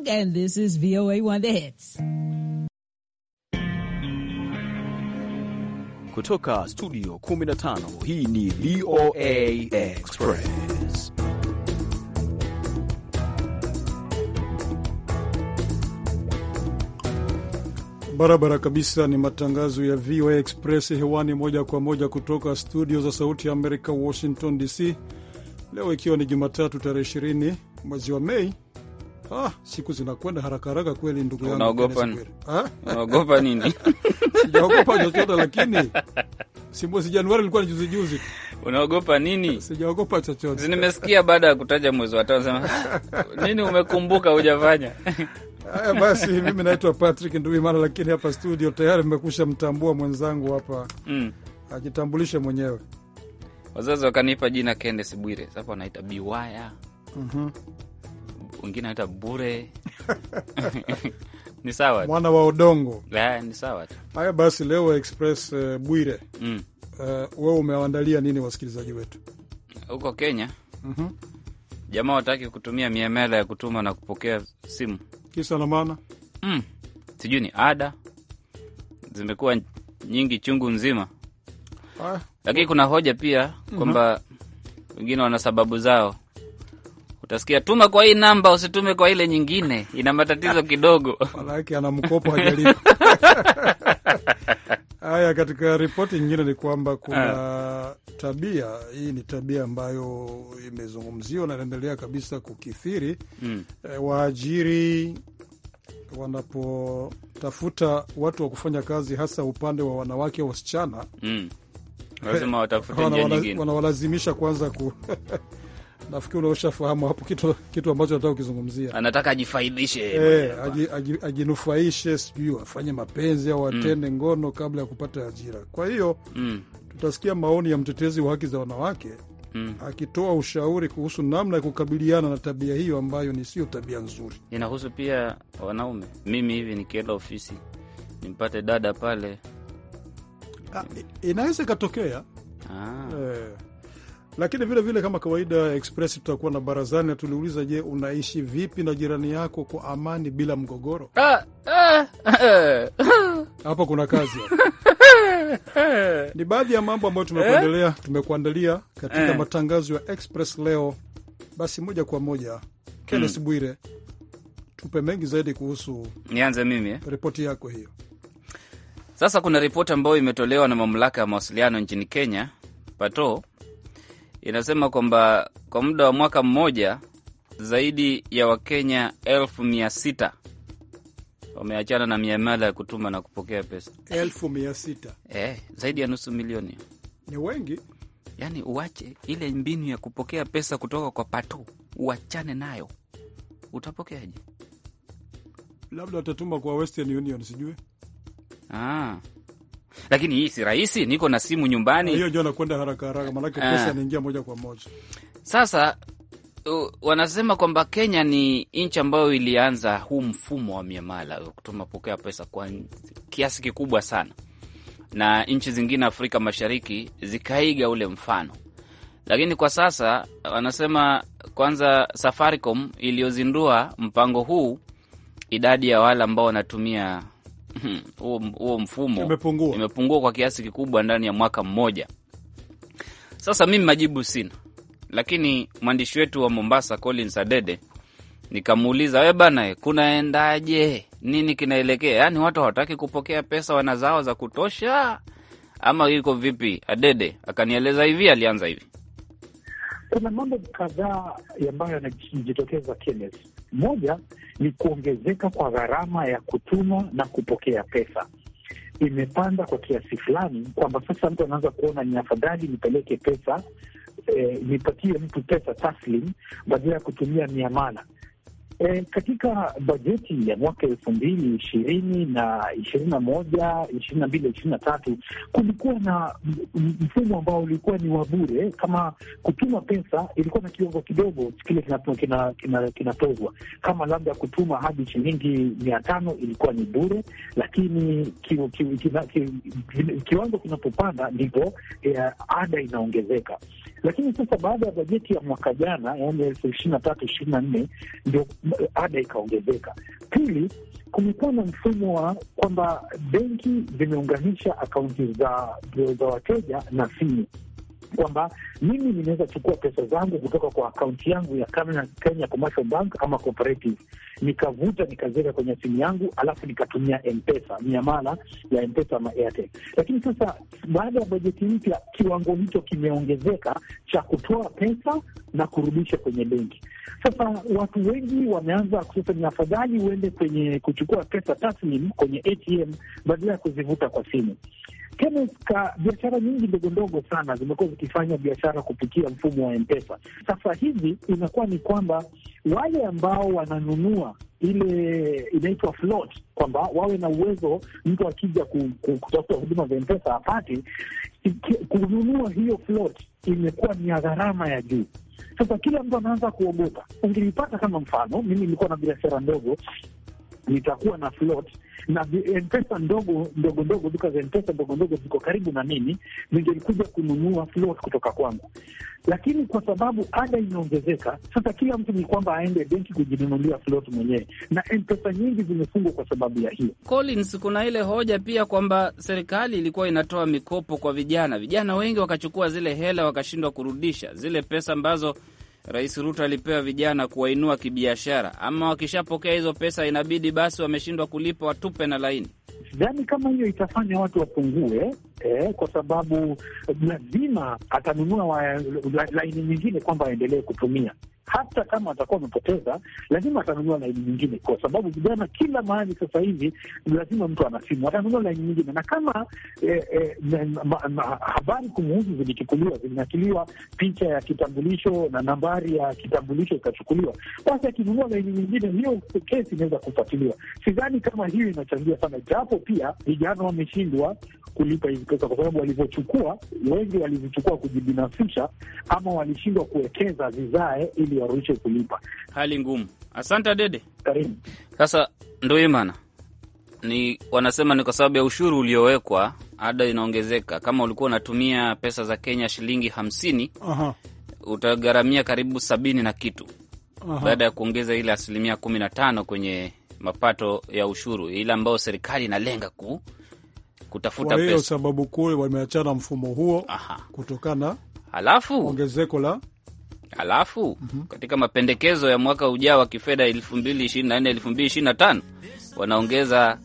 Young and this is VOA One The Hits. Kutoka studio 15 hii ni VOA Express. Barabara kabisa ni matangazo ya VOA Express hewani moja kwa moja kutoka studio za sauti ya Amerika, Washington DC. Leo ikiwa ni Jumatatu tarehe 20 mwezi wa Mei Ah, siku zinakwenda haraka haraka kweli ndugu yangu. Unaogopa nini? Ah? Unaogopa nini? Sijaogopa chochote lakini si mwezi Januari ilikuwa ni juzi juzi. Unaogopa nini? Sijaogopa chochote. Nimesikia baada ya kutaja mwezi wa tano sema nini umekumbuka hujafanya? Haya basi, mimi naitwa Patrick Nduimana, lakini hapa studio tayari mmekusha mtambua mwenzangu hapa mm. Ajitambulishe mwenyewe. Wazazi wakanipa jina Kendes Bwire, sasa wanaita Biwaya. mm -hmm wengine anaita bure ni sawa mwana wa udongo ni sawa tu. Haya basi, leo Express uh, Bwire mm. uh, wewe umewaandalia nini wasikilizaji wetu huko Kenya? mm -hmm. Jamaa wataki kutumia miamela ya kutuma na kupokea simu, kisa na maana mm. sijui ni ada zimekuwa nyingi chungu nzima ah. Lakini kuna hoja pia mhm. kwamba mm -hmm. wengine wana sababu zao utasikia tuma kwa hii namba, usitume kwa ile nyingine, ina matatizo kidogo, manake ana mkopo hajalipa. Haya, katika ripoti nyingine ni kwamba kuna ah. tabia hii, ni tabia ambayo imezungumziwa na inaendelea kabisa kukithiri mm. E, waajiri wanapotafuta watu wa kufanya kazi, hasa upande wa wanawake, wasichana mm. wanawalazimisha kwanza ku nafikiri unaoshafahamu hapo kitu, kitu ambacho nataka kukizungumzia. Anataka ajifaidishe, e, aji, aji, ajinufaishe, sijui afanye mapenzi au atende mm. ngono kabla ya kupata ajira. Kwa hiyo mm. tutasikia maoni ya mtetezi wa haki za wanawake Mm. akitoa ushauri kuhusu namna ya kukabiliana na tabia hiyo ambayo ni sio tabia nzuri. Inahusu pia wanaume. Mimi hivi nikienda ofisi nimpate dada pale, ah, inaweza ikatokea ah. eh. Lakini vile vile kama kawaida Express tutakuwa na barazani na tuliuliza, je, unaishi vipi na jirani yako kwa amani bila mgogoro? Ah, ah. Hapa kuna kazi ni baadhi ya mambo ambayo tumekuandalia eh? tumekuandalia katika eh. matangazo ya Express leo. Basi moja kwa moja Kennes hmm. Bwire, tupe mengi zaidi kuhusu. Nianze mimi eh? Ripoti yako hiyo. Sasa kuna ripoti ambayo imetolewa na mamlaka ya mawasiliano nchini Kenya pato inasema kwamba kwa muda wa mwaka mmoja zaidi ya Wakenya elfu mia sita wameachana na miamala ya kutuma na kupokea pesa elfu mia sita eh, zaidi ya nusu milioni. Ni wengi. Yani uache ile mbinu ya kupokea pesa kutoka kwa pato, uachane nayo. Utapokeaje? Labda watatuma kwa Western Union, sijui ah lakini hii si rahisi, niko na simu nyumbani. Hiyo ndio anakwenda haraka haraka, maanake eh. pesa inaingia moja kwa moja. Sasa uh, wanasema kwamba Kenya ni nchi ambayo ilianza huu mfumo wa miamala pokea pesa kwa kiasi kikubwa sana, na nchi zingine Afrika Mashariki zikaiga ule mfano, lakini kwa sasa wanasema kwanza, Safaricom iliyozindua mpango huu, idadi ya wale ambao wanatumia Hmm. huo mfumo imepungua, imepungua kwa kiasi kikubwa ndani ya mwaka mmoja. Sasa mimi majibu sina, lakini mwandishi wetu wa Mombasa Collins Adede nikamuuliza, we bana, kunaendaje? Nini kinaelekea? Yaani watu hawataki kupokea pesa wanazao za kutosha ama iko vipi? Adede akanieleza hivi, alianza hivi: kuna mambo kadhaa ambayo yanajitokeza Kenneth moja ni kuongezeka kwa gharama ya kutuma na kupokea pesa imepanda kwa kiasi fulani, kwamba sasa mtu anaanza kuona ni afadhali nipeleke pesa eh, nipatie mtu pesa taslim badala ya kutumia miamala. E, katika bajeti ya mwaka elfu mbili ishirini na ishirini na moja ishirini na mbili ishirini na tatu kulikuwa na mfumo ambao ulikuwa ni wa bure, kama kutuma pesa ilikuwa na kiwango kidogo kile kinatozwa kina, kina, kina kama labda kutuma hadi shilingi mia tano ilikuwa ni bure, lakini kiwango ki, ki, ki, ki, ki, kinapopanda ndipo eh, ada inaongezeka. Lakini sasa baada ya bajeti ya mwaka jana, yaani elfu ishirini na tatu ishirini na nne ndio ada ikaongezeka. Pili, kumekuwa na mfumo wa kwamba benki zimeunganisha akaunti za, za wateja na simu kwamba mimi ninaweza chukua pesa zangu kutoka kwa akaunti yangu ya Kenya Commercial Bank ama Cooperative, nikavuta nikaziweka kwenye simu yangu, alafu nikatumia Mpesa, miamala ya Mpesa ama Airtel. Lakini sasa baada ya bajeti mpya, kiwango hicho kimeongezeka cha kutoa pesa na kurudisha kwenye benki. Sasa watu wengi wameanza kusema ni afadhali uende kwenye kuchukua pesa taslim kwenye ATM badala ya kuzivuta kwa simu. Keneska, biashara nyingi ndogo ndogo sana zimekuwa zikifanya biashara kupitia mfumo wa Mpesa. Sasa hivi inakuwa ni kwamba wale ambao wananunua ile inaitwa float, kwamba wawe na uwezo, mtu akija kutafuta huduma za Mpesa apate kununua hiyo float, imekuwa ni ya gharama ya juu. Sasa kila mtu anaanza kuogopa. Ungelipata kama mfano, mimi nilikuwa na biashara ndogo nitakuwa na float na mpesa ndogo ndogo ndogo, duka za mpesa ndogo ndogo ziko karibu na mimi, zingelikuja kununua float kutoka kwangu, lakini kwa sababu ada imeongezeka, sasa, kila mtu ni kwamba aende benki kujinunulia float mwenyewe, na mpesa nyingi zimefungwa kwa sababu ya hiyo. Collins, kuna ile hoja pia kwamba serikali ilikuwa inatoa mikopo kwa vijana, vijana wengi wakachukua zile hela wakashindwa kurudisha zile pesa ambazo Rais Ruto alipewa vijana kuwainua kibiashara, ama wakishapokea hizo pesa inabidi basi wameshindwa kulipa watupe na laini. Sidhani kama hiyo itafanya watu wapungue eh, kwa sababu lazima atanunua laini la, nyingine kwamba aendelee kutumia hata kama atakuwa amepoteza, lazima atanunua laini nyingine, kwa sababu vijana kila mahali sasa hivi lazima mtu ana simu, atanunua laini nyingine. Na kama eh, eh, habari kumuhusu zilichukuliwa, zimeakiliwa picha ya kitambulisho na nambari ya kitambulisho ikachukuliwa, basi akinunua laini nyingine, hiyo kesi inaweza kufuatiliwa. Sidhani kama hiyo inachangia sana, japo pia vijana wameshindwa kulipa hizi pesa, kwa sababu walivyochukua wengi walizichukua kujibinafsisha, ama walishindwa kuwekeza zizae ili warushe kulipa. Hali ngumu. Asante Dede, karibu. Sasa ndo hii maana ni wanasema ni kwa sababu ya ushuru uliowekwa, ada inaongezeka. Kama ulikuwa unatumia pesa za Kenya shilingi hamsini uh-huh. utagharamia karibu sabini na kitu uh-huh. baada ya kuongeza ile asilimia kumi na tano kwenye mapato ya ushuru, ile ambayo serikali inalenga ku kutafuta pesa. Sababu kuu wameachana mfumo huo Aha. kutokana halafu ongezeko la Alafu mm -hmm. katika mapendekezo ya mwaka ujao wa kifedha elfu mbili ishirini na nne elfu mbili ishirini na tano wanaongeza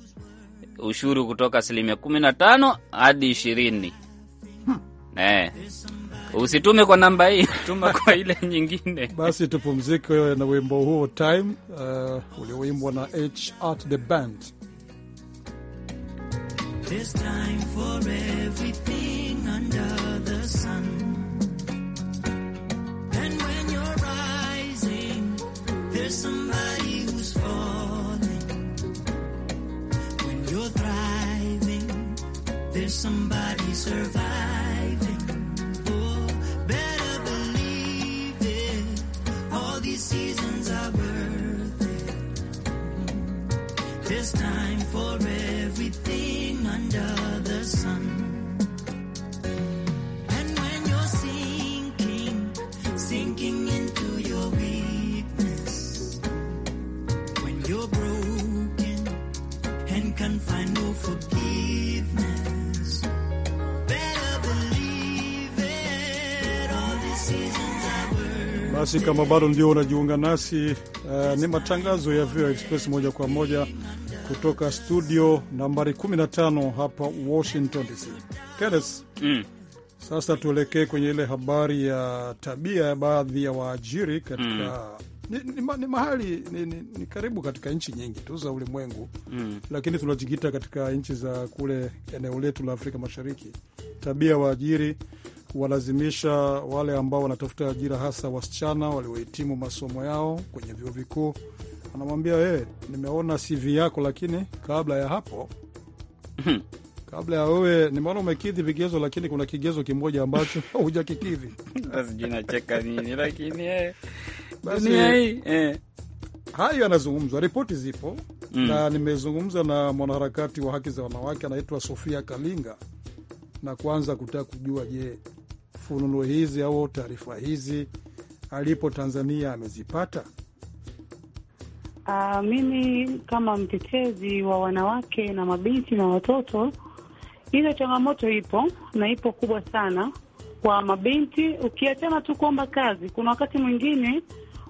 ushuru kutoka asilimia kumi na tano hadi ishirini. hmm. Eh, usitume kwa namba hii, tuma kwa ile nyingine. Basi tupumzike na wimbo huo time, uh, ulioimbwa na H at the band. There's time for everything under the sun. There's somebody who's falling when you're thriving. There's somebody surviving. Oh, better believe it. All these seasons are worth it. This time. Basi kama bado ndio unajiunga nasi uh, ni matangazo ya VOA Express moja kwa moja kutoka studio nambari 15 hapa Washington DC. Kenes, mm. Sasa tuelekee kwenye ile habari ya tabia ya baadhi ya waajiri katika mm. Ni, ni, ni mahali ni, ni, ni karibu katika nchi nyingi tu za ulimwengu mm. Lakini tunajikita katika nchi za kule eneo letu la Afrika Mashariki, tabia waajiri kuwalazimisha wale ambao wanatafuta ajira, hasa wasichana waliohitimu masomo yao kwenye vyuo vikuu. Anamwambia wewe, eh, nimeona CV yako, lakini kabla ya hapo hmm. kabla ya wewe, nimeona umekidhi vigezo, lakini kuna kigezo kimoja ambacho hujakikidhi. Sijui nacheka nini, lakini eh, basi eh. hayo yanazungumzwa, ripoti zipo mm. Na nimezungumza na mwanaharakati wa haki za wanawake anaitwa Sofia Kalinga na kuanza kutaka kujua, je, fununo hizi au taarifa hizi alipo Tanzania amezipata? Uh, mimi kama mtetezi wa wanawake na mabinti na watoto, hizo changamoto ipo na ipo kubwa sana kwa mabinti, ukiachana tu kuomba kazi. Kuna wakati mwingine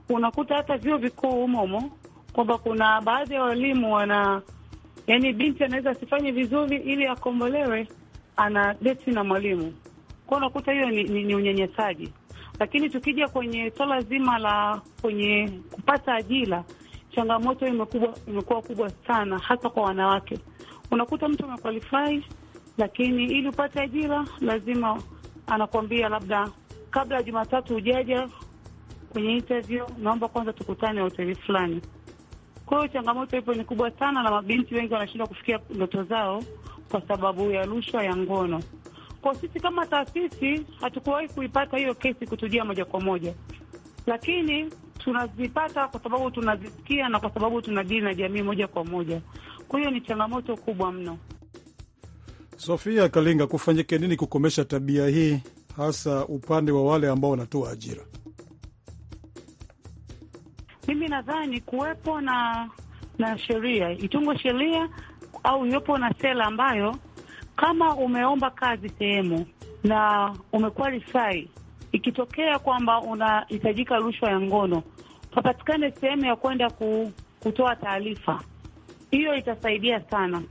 unakuta hata vyuo vikuu umomo kwamba kuna baadhi ya walimu wana, yani binti anaweza asifanye vizuri, ili akombolewe ana deti na mwalimu kwao, unakuta hiyo ni, ni, ni unyanyasaji. Lakini tukija kwenye swala zima la kwenye kupata ajira, changamoto imekuwa imekuwa kubwa sana, hasa kwa wanawake. Unakuta mtu amekwalifai, lakini ili upate ajira lazima anakuambia labda kabla ya Jumatatu ujaja kwenye interview, naomba kwanza tukutane hoteli fulani. Kwa hiyo changamoto ipo ni kubwa sana, na mabinti wengi wanashindwa kufikia ndoto zao kwa sababu ya rushwa ya ngono. Kwa sisi kama taasisi hatukuwahi kuipata hiyo kesi kutujia moja kwa moja, lakini tunazipata kwa sababu tunazisikia na kwa sababu tunadili na jamii moja kwa moja. Kwa hiyo ni changamoto kubwa mno. Sofia Kalinga, kufanyike nini kukomesha tabia hii, hasa upande wa wale ambao wanatoa ajira? Mimi nadhani kuwepo na na sheria, itungwe sheria au iwepo na sera ambayo kama umeomba kazi sehemu na umekwalifai, ikitokea kwamba unahitajika rushwa ya ngono, papatikane sehemu ya kwenda ku, kutoa taarifa hiyo, itasaidia sana.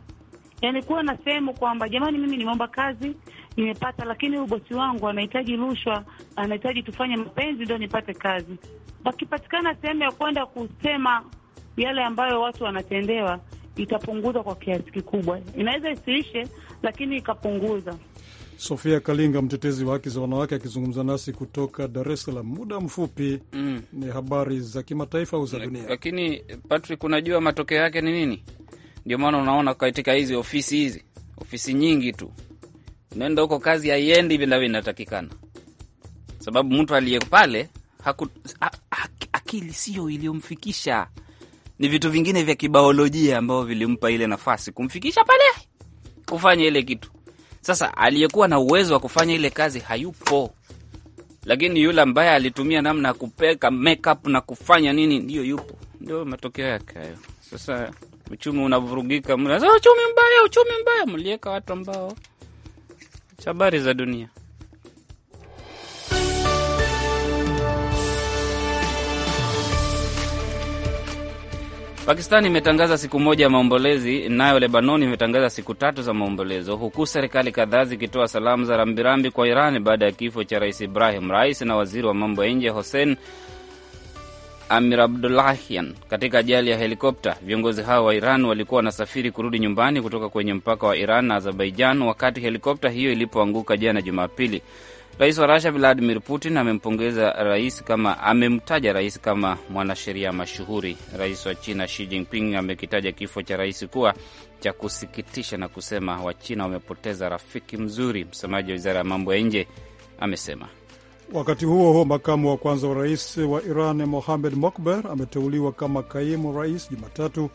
Yani kuwa na sehemu kwamba jamani, mimi nimeomba kazi nimepata, lakini huyu bosi wangu anahitaji rushwa, anahitaji tufanye mapenzi ndio nipate kazi. Wakipatikana sehemu ya kwenda kusema yale ambayo watu wanatendewa, itapunguza kwa kiasi kikubwa, inaweza isiishe, lakini ikapunguza. Sofia Kalinga, mtetezi wa haki za wanawake, akizungumza nasi kutoka Dar es Salaam. Muda mfupi mm, ni habari za kimataifa au za dunia. Lakini Patrick, unajua matokeo yake ni nini? Ndio maana unaona katika hizi ofisi hizi ofisi nyingi tu unaenda huko, kazi haiendi vinavyo inatakikana, sababu mtu aliye pale haku, ha, ha, akili siyo iliyomfikisha ni vitu vingine vya kibaolojia ambavyo vilimpa ile nafasi kumfikisha pale kufanya ile kitu. Sasa aliyekuwa na uwezo wa kufanya ile kazi hayupo, lakini yule ambaye alitumia namna ya kupeka makeup na kufanya nini, ndiyo yupo. Ndio matokeo yake hayo. Sasa uchumi unavurugika, mnasema uchumi mbaya, uchumi mbaya, mlieka watu ambao habari za dunia pakistani imetangaza siku moja ya maombolezi, nayo Lebanon imetangaza siku tatu za maombolezo, huku serikali kadhaa zikitoa salamu za rambirambi kwa Iran baada ya kifo cha Rais Ibrahim Rais na waziri wa mambo ya nje Hossein Amir Abdullahian katika ajali ya helikopta. Viongozi hao wa Iran walikuwa wanasafiri kurudi nyumbani kutoka kwenye mpaka wa Iran na Azerbaijan wakati helikopta hiyo ilipoanguka jana Jumapili. Rais wa Rusia Vladimir Putin amempongeza rais kama amemtaja rais kama mwanasheria mashuhuri. Rais wa China Xi Jinping amekitaja kifo cha rais kuwa cha kusikitisha na kusema Wachina wamepoteza rafiki mzuri. Msemaji wa wizara ya mambo ya nje amesema. Wakati huo huo, makamu wa kwanza wa rais wa Iran Mohamed Mokber ameteuliwa kama kaimu rais Jumatatu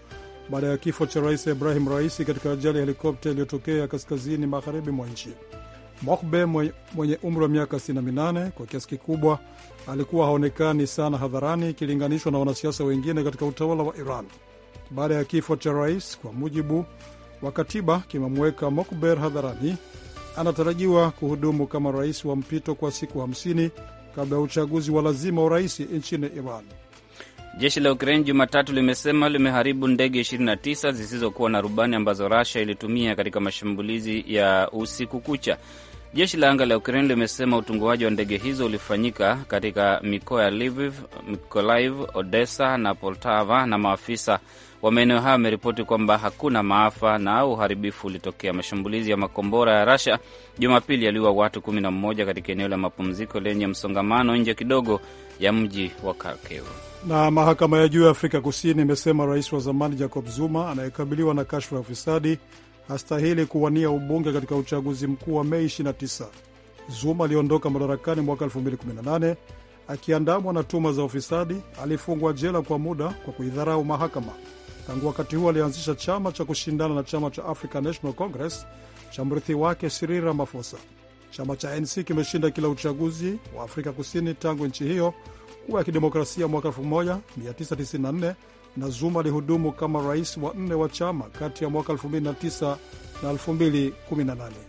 baada ya kifo cha rais Ibrahim Raisi katika ajali ya helikopta iliyotokea kaskazini magharibi mwa nchi. Mokbe mwenye umri wa miaka 68 kwa kiasi kikubwa alikuwa haonekani sana hadharani ikilinganishwa na wanasiasa wengine katika utawala wa Iran. Baada ya kifo cha rais, kwa mujibu wa katiba, kimemweka Mokber hadharani. Anatarajiwa kuhudumu kama rais wa mpito kwa siku 50 kabla ya uchaguzi wa lazima wa rais nchini Iran. Jeshi la Ukraine Jumatatu limesema limeharibu ndege 29 zisizokuwa na rubani ambazo rusia ilitumia katika mashambulizi ya usiku kucha. Jeshi la anga la Ukraine limesema utunguaji wa ndege hizo ulifanyika katika mikoa ya Lviv, Mikolaiv, Odessa na Poltava, na maafisa wa maeneo hayo wameripoti kwamba hakuna maafa na uharibifu ulitokea. Mashambulizi ya makombora ya Rasha Jumapili yaliua watu 11 katika eneo la mapumziko lenye msongamano nje kidogo ya mji wa Kharkiv. Na mahakama ya juu ya Afrika Kusini imesema rais wa zamani Jacob Zuma anayekabiliwa na kashfa ya ufisadi hastahili kuwania ubunge katika uchaguzi mkuu wa Mei 29. Zuma aliondoka madarakani mwaka 2018 akiandamwa na tuma za ufisadi. Alifungwa jela kwa muda kwa kuidharau mahakama. Tangu wakati huo alianzisha chama cha kushindana na chama cha African National Congress cha mrithi wake Cyril Ramaphosa. Chama cha NC kimeshinda kila uchaguzi wa Afrika Kusini tangu nchi hiyo kuwa ya kidemokrasia mwaka 1994 na Zuma alihudumu kama rais wa nne wa chama kati ya mwaka 2009 na 2018.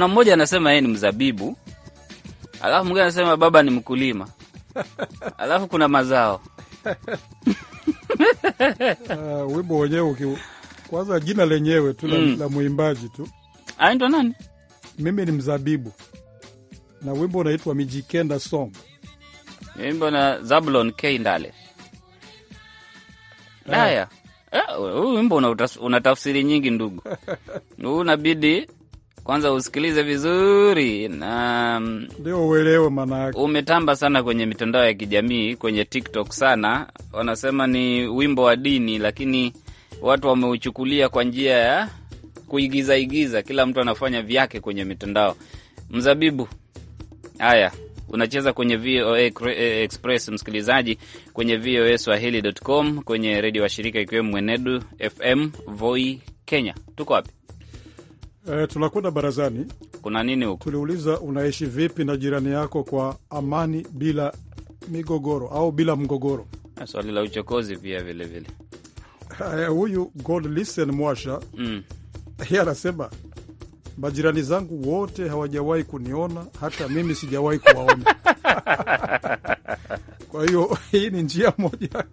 kuna mmoja anasema yeye ni mzabibu, alafu mwingine anasema baba ni mkulima, alafu kuna mazao Uh, wimbo wenyewe uki kwanza jina lenyewe tu mm, la mwimbaji tu aindo nani? Mimi ni mzabibu, na wimbo unaitwa Mijikenda Song, wimbo na Zablon K Ndale. Haya, ah. eh, huu wimbo una tafsiri nyingi ndugu, huu unabidi kwanza usikilize vizuri na um, ndio uelewe, yake. umetamba sana kwenye mitandao ya kijamii, kwenye TikTok sana. Wanasema ni wimbo wa dini, lakini watu wameuchukulia kwa njia ya kuigiza igiza, kila mtu anafanya vyake kwenye mitandao. Mzabibu, haya unacheza kwenye VOA eh, Express, msikilizaji, kwenye VOA Swahili.com, kwenye redio wa shirika ikiwemo Mwenedu FM, Voi Kenya. Tuko wapi? E, tunakwenda barazani. Kuna nini huko? Tuliuliza, unaishi vipi na jirani yako kwa amani bila migogoro au bila mgogoro? Ah, swali la uchokozi pia vilevile. Eh, huyu Godlisten Mwasha mm. anasema majirani zangu wote hawajawahi kuniona, hata mimi sijawahi kuwaona. Kwa hiyo hii ni njia moja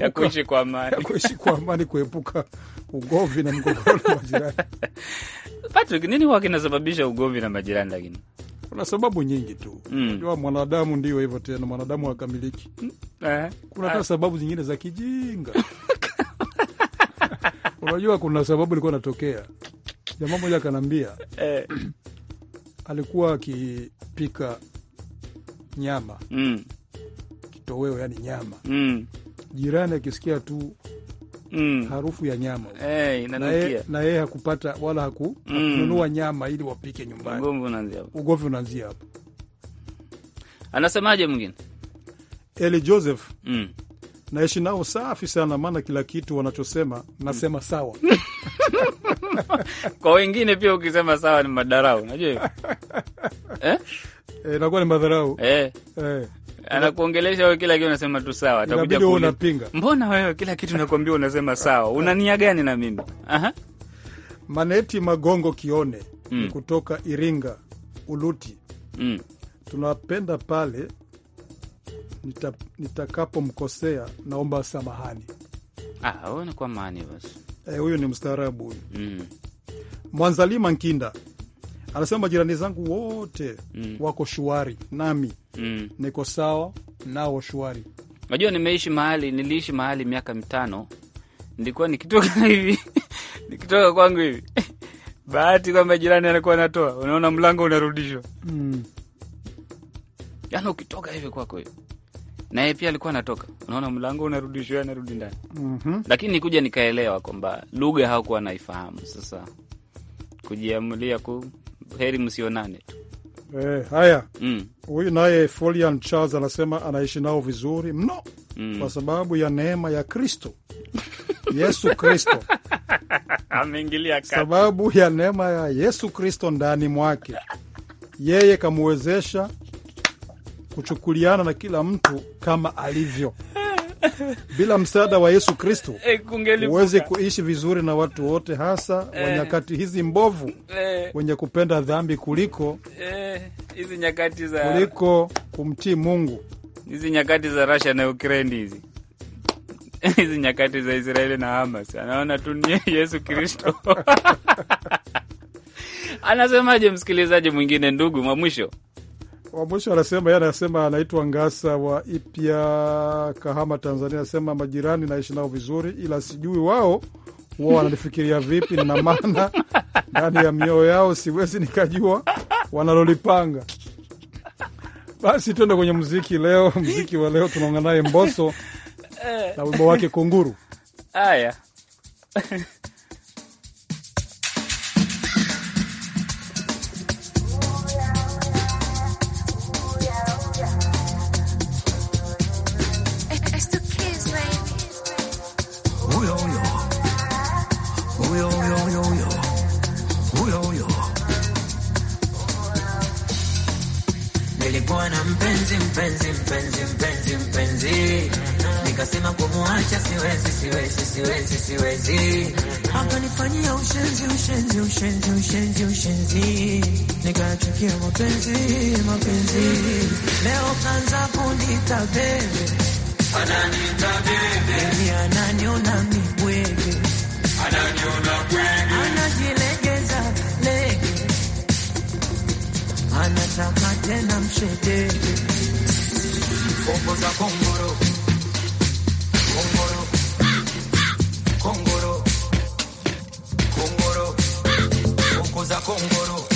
ya kuishi kwa amani, kuepuka ugomvi na mgogoro na majirani. Patrick, nini huwa kinasababisha ugomvi na majirani? Lakini kuna sababu nyingi tu, hmm. unajua mm. mwanadamu ndio hivyo tena, mwanadamu hakamiliki mm. eh. kuna hata ah. sababu zingine za kijinga unajua, kuna sababu ilikuwa natokea, jamaa moja akanaambia eh. alikuwa akipika nyama mm. kitoweo, yani nyama mm jirani akisikia tu Mm. harufu ya nyama hey, eh, na yeye hakupata wala mm. hakununua mm. nyama ili wapike nyumbani. Ugomvi unaanzia hapo. Anasemaje mwingine Eli Joseph? mm. naishi nao safi sana, maana kila kitu wanachosema nasema mm. sawa. Kwa wengine pia ukisema sawa ni madarau, unajua eh? E, eh, nakuwa ni madharau eh. Eh anakuongelesha wewe, kila kitu unasema tu sawa, atakuja kunipinga. Mbona wewe kila kitu nakwambia unasema sawa, una nia gani na mimi? Aha. Maneti Magongo Kione mm. ni kutoka Iringa Uluti mm. tunapenda pale nita, nitakapomkosea naomba samahani. Ah, kwa maani basi. Eh, huyu ni mstaarabu huyu mm. Mwanzalima Nkinda anasema jirani zangu wote mm. wako shuari nami mm. niko sawa nao shwari. Najua nimeishi mahali, niliishi mahali miaka mitano, nilikuwa nikitoka hivi nikitoka kwangu hivi bahati kwamba jirani alikuwa anatoa, unaona mlango unarudishwa mm. Yaani ukitoka hivi kwako hivi naye pia alikuwa anatoka, unaona mlango unarudishwa, anarudi ndani mm -hmm. Lakini nikuja nikaelewa kwamba lugha hawakuwa naifahamu. Sasa kujiamulia ku heri msionane tu Eh, haya mm. huyu mm. naye Folian Charles anasema anaishi nao vizuri mno mm. kwa sababu ya neema ya Kristo Yesu Kristo ameingilia sababu ya neema ya Yesu Kristo ndani mwake, yeye kamuwezesha kuchukuliana na kila mtu kama alivyo bila msaada wa Yesu Kristo eh, huwezi kuishi vizuri na watu wote, hasa eh, wa nyakati hizi mbovu eh, wenye kupenda dhambi kuliko eh, hizi nyakati za... kuliko kumtii Mungu, hizi nyakati za Russia na Ukraine hizi hizi nyakati za Israeli na Hamas, anaona tu ni Yesu Kristo. Anasemaje msikilizaji mwingine, ndugu mwa mwisho wa mwisho anasema, yeye anasema anaitwa Ngasa wa Ipya, Kahama, Tanzania. Anasema majirani naishi nao vizuri, ila sijui wao wao wanalifikiria vipi Nina maana ndani ya mioyo yao, siwezi nikajua wanalolipanga. Basi tuende kwenye muziki leo. Muziki wa leo tunaongana naye Mboso eh. na wimbo wake Kunguru. aya mapenzi mapenzi, leo kanza kunita bebe, ananita bebe, ananiona mibwege, ananiona bwege, anajilegeza lege, anataka tena mshedege, ongoza kongoro kongoro kongoro kongoro, ongoza kongoro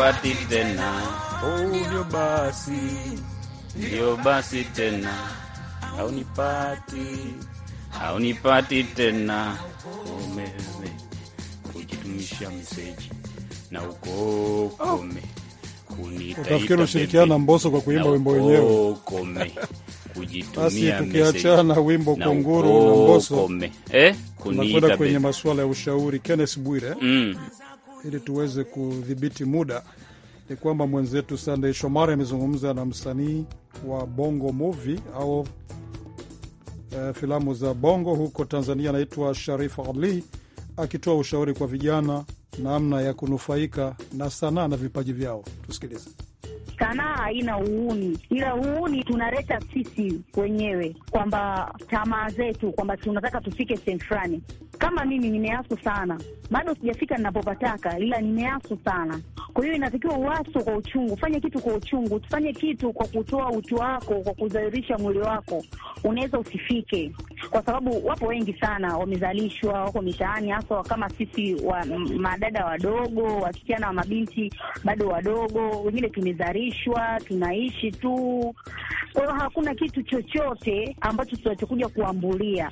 nipati tena, ndio basi, ndio basi tena, haunipati, haunipati tena, umewe kujitumisha meseji na uko kome utafikiri ushirikiana Mboso kwa kuimba wimbo wenyewe. Basi tukiachana wimbo konguru na Mboso, eh? tunakwenda kwenye masuala ya ushauri. Kenneth Bwire mm ili tuweze kudhibiti muda, ni kwamba mwenzetu Sandey Shomari amezungumza na msanii wa bongo movie au e, filamu za bongo huko Tanzania, anaitwa Sharif Ali, akitoa ushauri kwa vijana namna ya kunufaika na sanaa na vipaji vyao. Tusikilize. Sanaa haina uuni, ila uuni tunaleta sisi wenyewe, kwamba tamaa zetu, kwamba tunataka tufike sehemu fulani. Kama mimi nimeasu sana, bado sijafika ninapopataka, ila nimeasu sana. Kwa hiyo inatakiwa uasu kwa uchungu, fanye kitu kwa uchungu, tufanye kitu kwa kutoa utu wako, kwa kudhahirisha mwili wako. Unaweza usifike, kwa sababu wapo wengi sana wamezalishwa, wako mitaani, hasa kama sisi wa madada wadogo, wasichana wa mabinti bado wadogo, wengine tumezalishwa, tunaishi tu. Kwa hiyo hakuna kitu chochote ambacho tunachokuja kuambulia,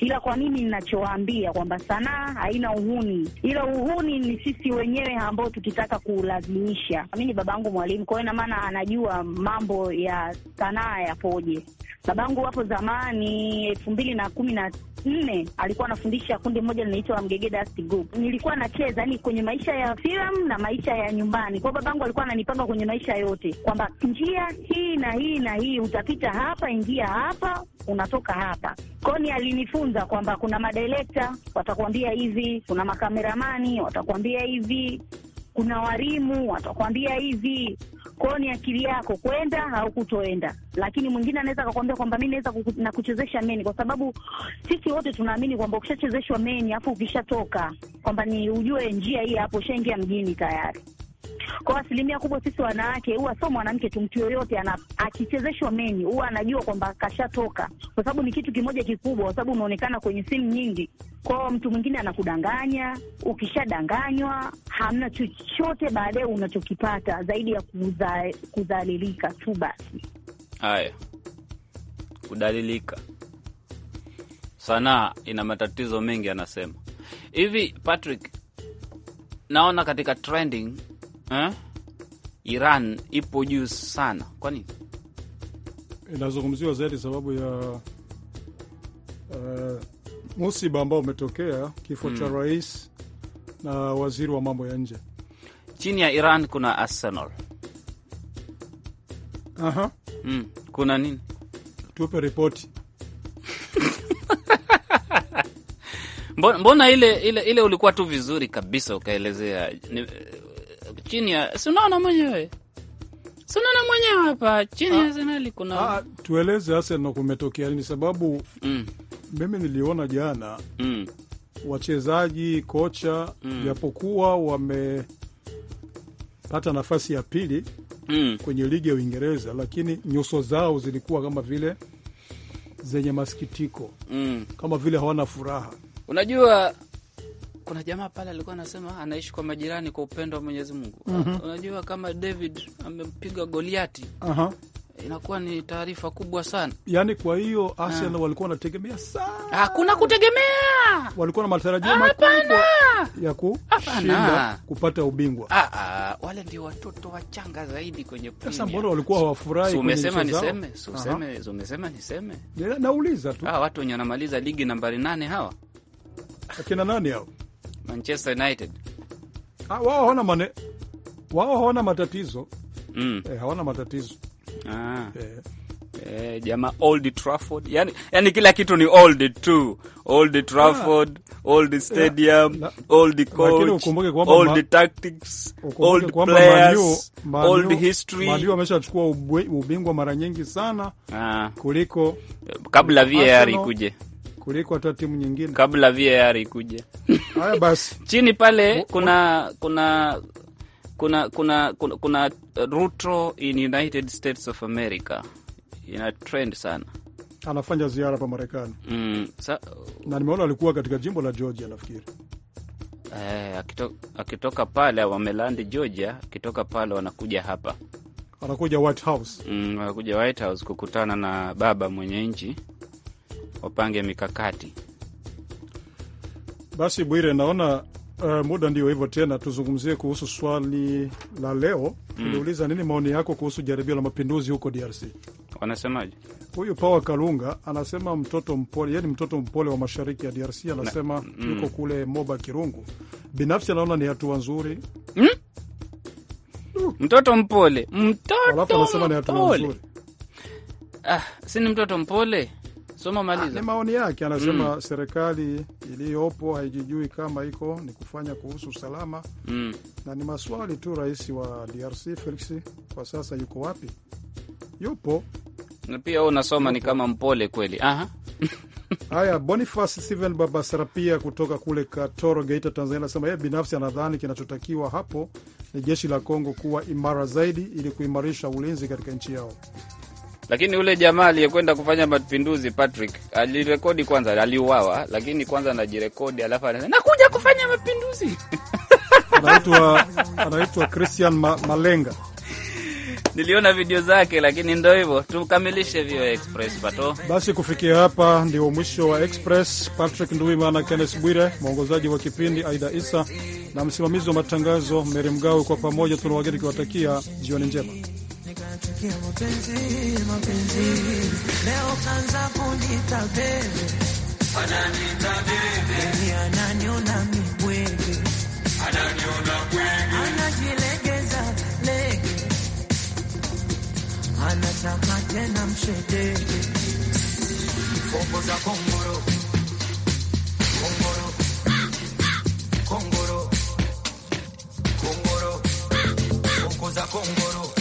ila kwa nini ninachowaambia ya kwamba sanaa haina uhuni, ila uhuni ni sisi wenyewe ambao tukitaka kuulazimisha. Mi ni babangu mwalimu, kwa hiyo ina maana anajua mambo ya sanaa yapoje. Babangu hapo zamani elfu mbili na kumi na nne alikuwa anafundisha kundi moja linaitwa mgege Arts Group. Nilikuwa nacheza ni kwenye maisha ya filamu na maisha ya nyumbani. Kwa babangu alikuwa ananipanga kwenye maisha yote kwamba njia hii na hii na hii utapita hapa, ingia hapa, unatoka hapa. Koni alinifunza kwamba kuna madirekta watakuambia hivi, kuna makameramani watakuambia hivi, kuna warimu watakuambia hivi kwao ni akili yako kwenda au kutoenda, lakini mwingine anaweza akakwambia kwamba mi naweza kuchezesha meni, kwa sababu sisi wote tunaamini kwamba ukishachezeshwa meni afu ukishatoka kwamba ni ujue njia hii hapo, ushaingia mjini tayari. Kwa asilimia kubwa sisi wanawake, huwa sio mwanamke tu, mtu yoyote akichezeshwa meni huwa anajua kwamba kashatoka, kwa sababu ni kitu kimoja kikubwa, kwa sababu unaonekana kwenye simu nyingi. Kwa mtu mwingine anakudanganya, ukishadanganywa hamna chochote baadaye unachokipata zaidi ya kuza, kudhalilika tu basi. Haya, kudhalilika sanaa ina matatizo mengi, anasema hivi Patrick. Naona katika trending eh? Iran ipo juu sana. Kwa nini inazungumziwa zaidi? Sababu ya uh, musiba ambao umetokea kifo mm. cha hmm. rais na waziri wa mambo ya nje. Chini ya Iran kuna Arsenal. Aha. Mm. kuna nini? Tupe ripoti mbona ile, ile, ile ulikuwa tu vizuri kabisa ukaelezea chini ya si unaona mwenyewe si mwenyewe hapa chini ya ah. Arsenali kuna ha, ah, tueleze Arsenal kumetokea nini sababu mm. Mimi niliona jana mm. wachezaji kocha mm. japokuwa wamepata nafasi ya pili mm. kwenye ligi ya Uingereza, lakini nyuso zao zilikuwa kama vile zenye masikitiko mm. kama vile hawana furaha. Unajua kuna jamaa pale alikuwa anasema anaishi kwa majirani kwa upendo wa Mwenyezi Mungu. mm -hmm. Unajua kama David amempiga Goliati. uh -huh. Inakuwa ni taarifa kubwa sana yani. Kwa hiyo Arsenal ah. walikuwa wanategemea sana, hakuna kutegemea, walikuwa na matarajio makubwa ya kushinda kupata ubingwa. Ah, ah, wale ndio watoto wachanga zaidi kwenye premier. Sasa mbona walikuwa hawafurahi? umesema niseme, umesema niseme, nauliza tu. watu wenye wanamaliza ligi nambari nane hawa akina nani hao? Manchester United ha, ah, wao hawana mane, wao hawana matatizo mm. Eh, hawana matatizo ah. Eh. Eh, jama Old Trafford yani, yani kila kitu ni old tu, Old Trafford ah. Old eh, Stadium yeah. Old Coach, Old Tactics, Old Players, Old History. Maliu ameshachukua ubingwa mara nyingi sana ah. kuliko kabla VAR ikuje kuliko hata timu nyingine kabla VAR ikuje. Haya basi, chini pale kuna kuna kuna kuna kuna, kuna Ruto in United States of America ina trend sana, anafanya ziara hapa Marekani mm, sa... na nimeona alikuwa katika jimbo la Georgia nafikiri. Eh, akito, akitoka pale wamelandi Georgia, akitoka pale wanakuja hapa, wanakuja White House mm, wanakuja White House kukutana na baba mwenye nchi wapange mikakati. Basi Bwire, naona uh, muda ndio hivyo tena. Tuzungumzie kuhusu swali la leo mm. tuliuliza, mm. nini maoni yako kuhusu jaribio la mapinduzi huko DRC? Wanasemaje? Huyu Pawa Kalunga anasema mtoto mpole, yani mtoto mpole wa mashariki ya DRC anasema mm. yuko kule Moba Kirungu. Binafsi anaona ni hatua nzuri mm? mtoto mpole, mtoto mpole. anasema Ah, si ni mtoto mpole soma maliza. Ah, ni maoni yake, anasema mm. serikali iliyopo haijijui kama iko ni kufanya kuhusu usalama mm. na ni maswali tu. Rais wa DRC Felix kwa sasa yuko wapi? Yupo na pia wewe unasoma, ni kama mpole kweli. Aha. Haya, Boniface Steven Babasara pia kutoka kule Katoro, Geita, Tanzania, anasema yeye eh, binafsi anadhani kinachotakiwa hapo ni jeshi la Kongo kuwa imara zaidi ili kuimarisha ulinzi katika nchi yao. Lakini ule jamaa aliyekwenda kufanya mapinduzi Patrick alirekodi kwanza, aliuawa, lakini kwanza anajirekodi, alafu anasema nakuja kufanya mapinduzi anaitwa anaitwa Christian Ma Malenga. Niliona video zake, lakini ndo hivyo, tukamilishe vio Express pato. Basi kufikia hapa ndio mwisho wa Express. Patrick Nduimana, kennes Bwire, mwongozaji wa kipindi Aida Isa na msimamizi wa matangazo Meri Mgawe, kwa pamoja tunawageni kiwatakia jioni njema ya mapenzi, mapenzi leo kanza kunita bebe, ananiona mibwege, anajilegeza lege, anataka tena mshedege, ongoza kongoro, kongoro kongoro, kongoro, ongoza kongoro